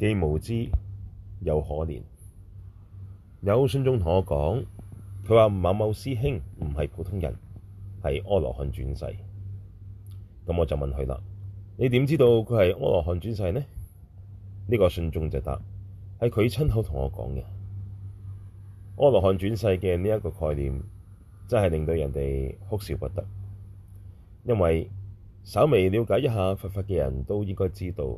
既無知又可憐，有信眾同我講，佢話某某師兄唔係普通人，係阿羅漢轉世。咁我就問佢啦：你點知道佢係阿羅漢轉世呢？呢個信眾就答：係佢親口同我講嘅。阿羅漢轉世嘅呢一個概念，真係令到人哋哭笑不得。因為稍微了解一下佛法嘅人都應該知道。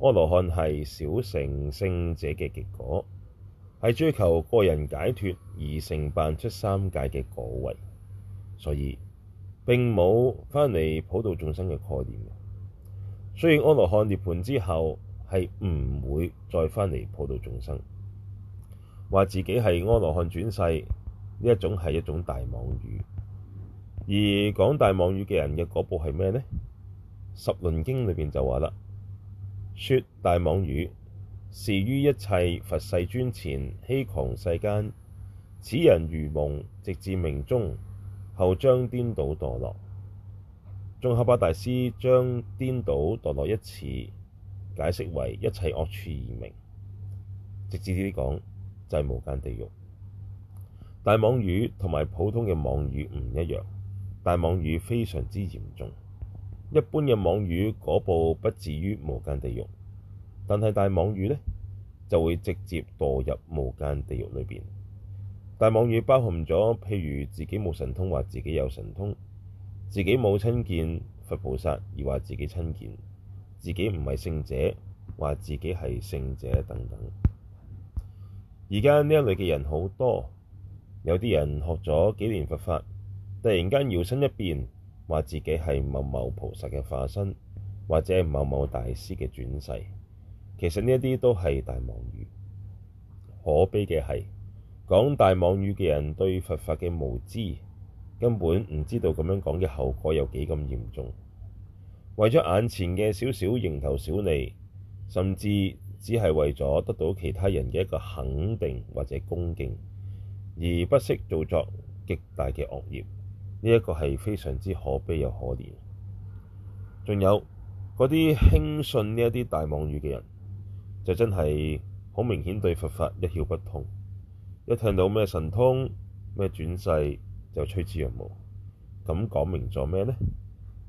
阿羅漢係小乘聖者嘅極果，係追求個人解脫而成辦出三界嘅果位，所以並冇翻嚟普渡眾生嘅概念。所以阿羅漢涅槃之後係唔會再翻嚟普渡眾生，話自己係阿羅漢轉世呢一種係一種大妄語。而講大妄語嘅人嘅果報係咩呢？十輪經裏邊就話啦。說大妄語，是於一切佛世尊前欺誑世間，此人愚蒙，直至命終，後將顛倒墮落。宗喀巴大師將顛倒墮落一詞解釋為一切惡趣異名。直接啲講就係、是、無間地獄。大妄語同埋普通嘅妄語唔一樣，大妄語非常之嚴重。一般嘅妄語果報，不至於無間地獄，但係大妄語咧就會直接墮入無間地獄裏邊。大妄語包含咗譬如自己冇神通話自己有神通，自己冇親見佛菩薩而話自己親見，自己唔係聖者話自己係聖者等等。而家呢一類嘅人好多，有啲人學咗幾年佛法，突然間搖身一變。話自己係某某菩薩嘅化身，或者某某大師嘅轉世，其實呢一啲都係大妄語。可悲嘅係，講大妄語嘅人對佛法嘅無知，根本唔知道咁樣講嘅後果有幾咁嚴重。為咗眼前嘅少少蠅頭小利，甚至只係為咗得到其他人嘅一個肯定或者恭敬，而不惜造作極大嘅惡業。呢一個係非常之可悲又可憐，仲有嗰啲輕信呢一啲大妄語嘅人，就真係好明顯對佛法一竅不通，一聽到咩神通、咩轉世就趨之若鶩。咁講明咗咩呢？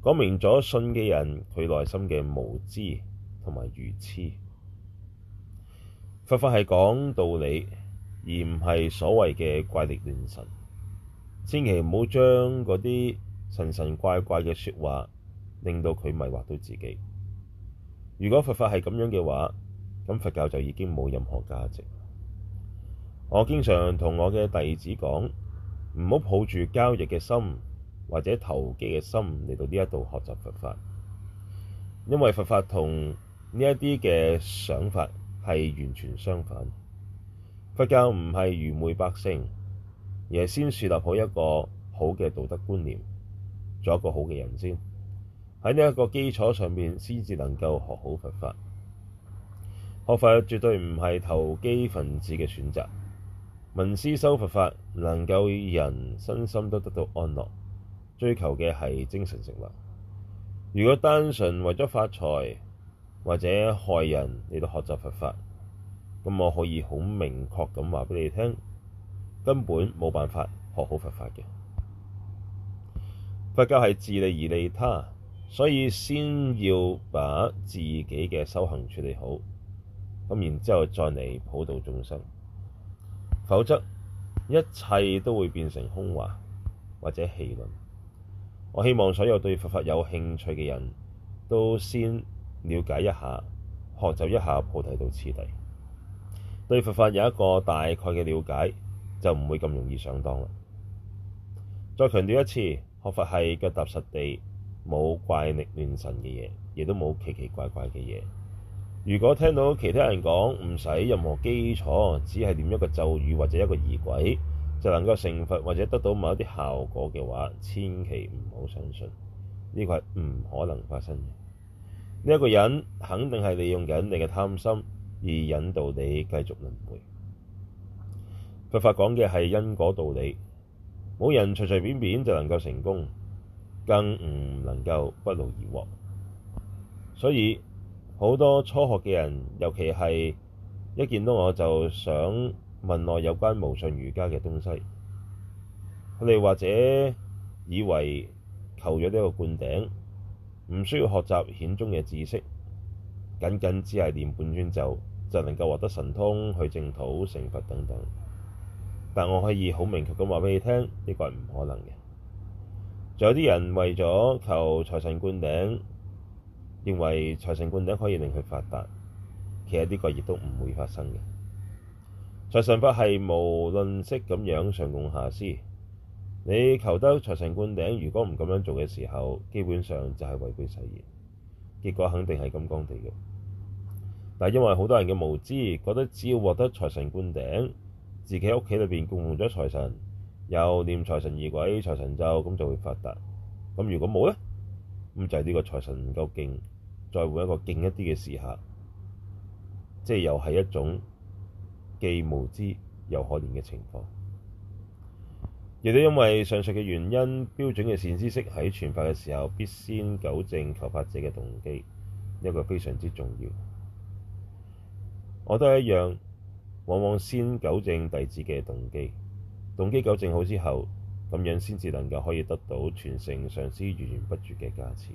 講明咗信嘅人佢內心嘅無知同埋愚痴。佛法係講道理，而唔係所謂嘅怪力亂神。千祈唔好將嗰啲神神怪怪嘅説話，令到佢迷惑到自己。如果佛法係咁樣嘅話，咁佛教就已經冇任何價值。我經常同我嘅弟子講，唔好抱住交易嘅心或者投機嘅心嚟到呢一度學習佛法，因為佛法同呢一啲嘅想法係完全相反。佛教唔係愚昧百姓。而係先樹立好一個好嘅道德觀念，做一個好嘅人先。喺呢一個基礎上面，先至能夠學好佛法。學佛絕對唔係投機分子嘅選擇。聞思修佛法，能夠人身心都得到安樂。追求嘅係精神食物。如果單純為咗發財或者害人你都學習佛法，咁我可以好明確咁話俾你聽。根本冇辦法學好佛法嘅。佛教係自利而利他，所以先要把自己嘅修行處理好，咁然之後再嚟普渡眾生。否則一切都會變成空話或者戲論。我希望所有對佛法有興趣嘅人都先了解一下、學習一下菩提道次第。對佛法有一個大概嘅了解。就唔會咁容易上當啦。再強調一次，學佛係腳踏實地，冇怪力亂神嘅嘢，亦都冇奇奇怪怪嘅嘢。如果聽到其他人講唔使任何基礎，只係念一個咒語或者一個儀軌，就能夠成佛或者得到某一啲效果嘅話，千祈唔好相信。呢個係唔可能發生嘅。呢一個人肯定係利用緊你嘅貪心，而引導你繼續輪迴。佛法講嘅係因果道理，冇人隨隨便便就能夠成功，更唔能夠不勞而獲。所以好多初學嘅人，尤其係一見到我就想問我有關無上瑜伽嘅東西。佢哋或者以為求咗呢個灌頂，唔需要學習顯宗嘅知識，僅僅只係念本尊咒，就能夠獲得神通去淨土成佛等等。但我可以好明確咁話畀你聽，呢個係唔可能嘅。仲有啲人為咗求財神灌頂，認為財神灌頂可以令佢發達，其實呢個亦都唔會發生嘅。財神法係無吝惜咁樣上供下施，你求得財神灌頂，如果唔咁樣做嘅時候，基本上就係違背誓言，結果肯定係金剛地獄。但因為好多人嘅無知，覺得只要獲得財神灌頂，自己喺屋企裏邊供奉咗財神，又念財神儀軌、財神咒，咁就會發達。咁如果冇呢，咁就係呢個財神唔夠勁，再換一個勁一啲嘅時刻，即係又係一種既無知又可憐嘅情況。亦都因為上述嘅原因，標準嘅善知識喺傳法嘅時候，必先糾正求法者嘅動機，呢個非常之重要。我都係一樣。往往先糾正弟子嘅動機，動機糾正好之後，咁樣先至能夠可以得到傳承上師源源不絕嘅加持。